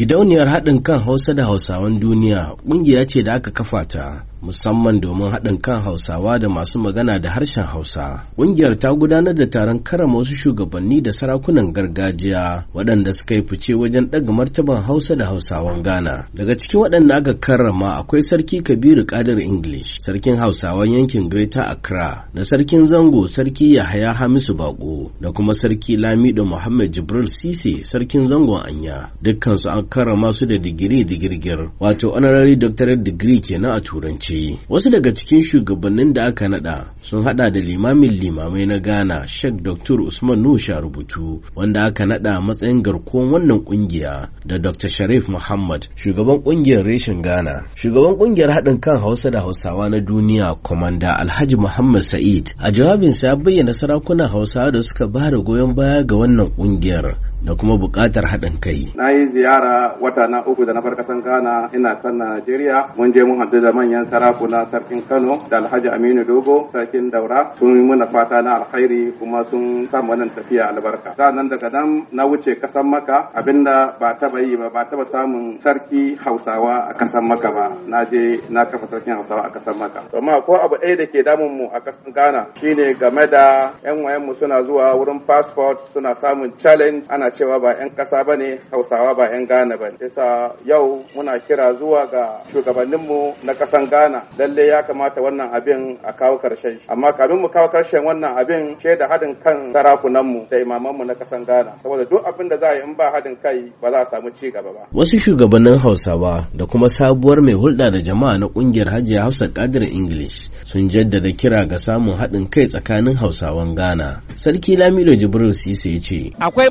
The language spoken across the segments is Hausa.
Gidauniyar haɗin kan Hausa da Hausawan duniya ƙungiya ce da aka kafa ta musamman domin haɗin kan Hausawa da masu magana da harshen Hausa. Ƙungiyar ta gudanar da taron karama wasu shugabanni da sarakunan gargajiya waɗanda suka yi fice wajen ɗaga martaban Hausa da Hausawan Ghana. Daga cikin waɗanda aka karrama akwai Sarki Kabiru Kadir English, Sarkin Hausawan yankin Greater Accra, da Sarkin Zango Sarki Yahaya Hamisu Bako, da kuma Sarki Lamido Muhammad Jibril Sise Sarkin Zangon Anya. Dukkansu an karrama su da digiri digirgir, wato honorary doctorate degree kenan a Turanci. ce wasu daga cikin shugabannin da aka nada sun hada da limamin limamai na Ghana Sheikh Dr. Usman Nusha rubutu wanda aka nada matsayin garkuwan wannan kungiya da Dr. Sharif Muhammad shugaban kungiyar reshen Ghana shugaban kungiyar haɗin kan Hausa da Hausawa na duniya Komanda Alhaji Muhammad Sa'id a jawabinsa ya bayyana sarakunan Hausawa da suka ba da goyon baya ga wannan kungiyar da kuma buƙatar haɗin kai. Na yi ziyara wata na uku da na bar ƙasan Ghana ina san Najeriya mun je mun haɗu da manyan sarakuna sarkin Kano da Alhaji Aminu Dogo sarkin Daura sun yi muna fata na alkhairi kuma sun sa wannan tafiya albarka. Sa'annan daga nan na wuce kasan Maka abinda ba taba yi ba ba taba samun sarki Hausawa a kasan Maka ba na je na kafa sarkin Hausawa a kasan Maka. Amma ko abu ɗaya da ke damun mu a kasan Ghana shine game da 'yan wayan mu suna zuwa wurin passport suna samun challenge ana cewa ba 'yan ƙasa ba ne hausawa ba 'yan ghana ba yasa yau muna kira zuwa ga shugabanninmu na ƙasan ghana lalle ya kamata wannan abin a kawo karshen shi amma kamin mu kawo karshen wannan abin ce da haɗin kan sarakunanmu da imamanmu na ƙasan ghana saboda duk abin da za a yi in ba haɗin kai ba za a samu ci gaba ba wasu shugabannin hausawa da kuma sabuwar mai hulɗa da jama'a na ƙungiyar hajiya hausa kadir english sun jaddada kira ga samun haɗin kai tsakanin hausawan Gana. sarki lamido jibril sise ya ce akwai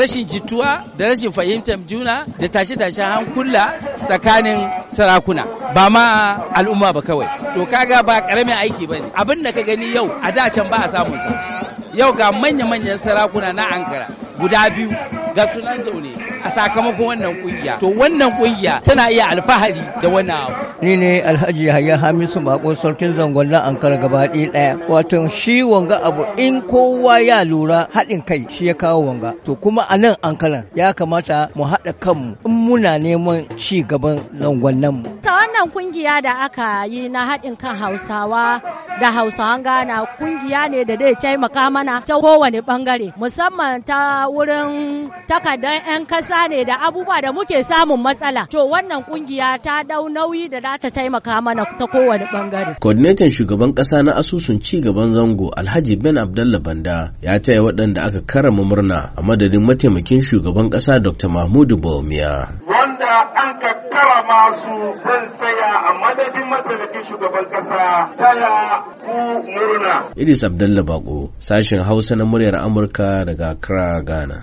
rashin jituwa da rashin fahimtar juna da tashe-tashen hankula tsakanin sarakuna ba ma al'umma ba kawai to kaga ba karamin aiki ba ne abin da ka gani yau a da can ba a samun sa yau ga manya-manyan sarakuna na ankara guda biyu ga sunan zaune a sakamakon wannan kungiya to wannan kungiya tana iya alfahari da wannan abu ni ne alhaji yahaya hamisu bako sarkin zangon na ankara gaba ɗaya wato shi wanga abu in kowa ya lura haɗin kai shi ya kawo wanga to kuma a nan ankara ya kamata mu haɗa kanmu in muna neman ci gaban zangon nan mu wannan kungiya da aka yi na haɗin kan hausawa da hausawan Gana kungiya ne da dai taimaka mana ta kowane bangare musamman ta wurin takardar 'yan ƙasa ne da abubuwa da muke samun matsala to wannan kungiya ta dau nauyi da za ta taimaka mana ta kowane bangare coordinator shugaban kasa na asusun ci gaban zango alhaji ben abdalla banda ya taya waɗanda aka karama murna a madadin mataimakin shugaban ƙasa dr mahmudu bawumia kara an kakkara masu su zan saya a madadin mataimakin shugaban kasa taya ku murna. Idris Abdullahi Bako sashen Hausa na muryar Amurka daga Kra, Ghana.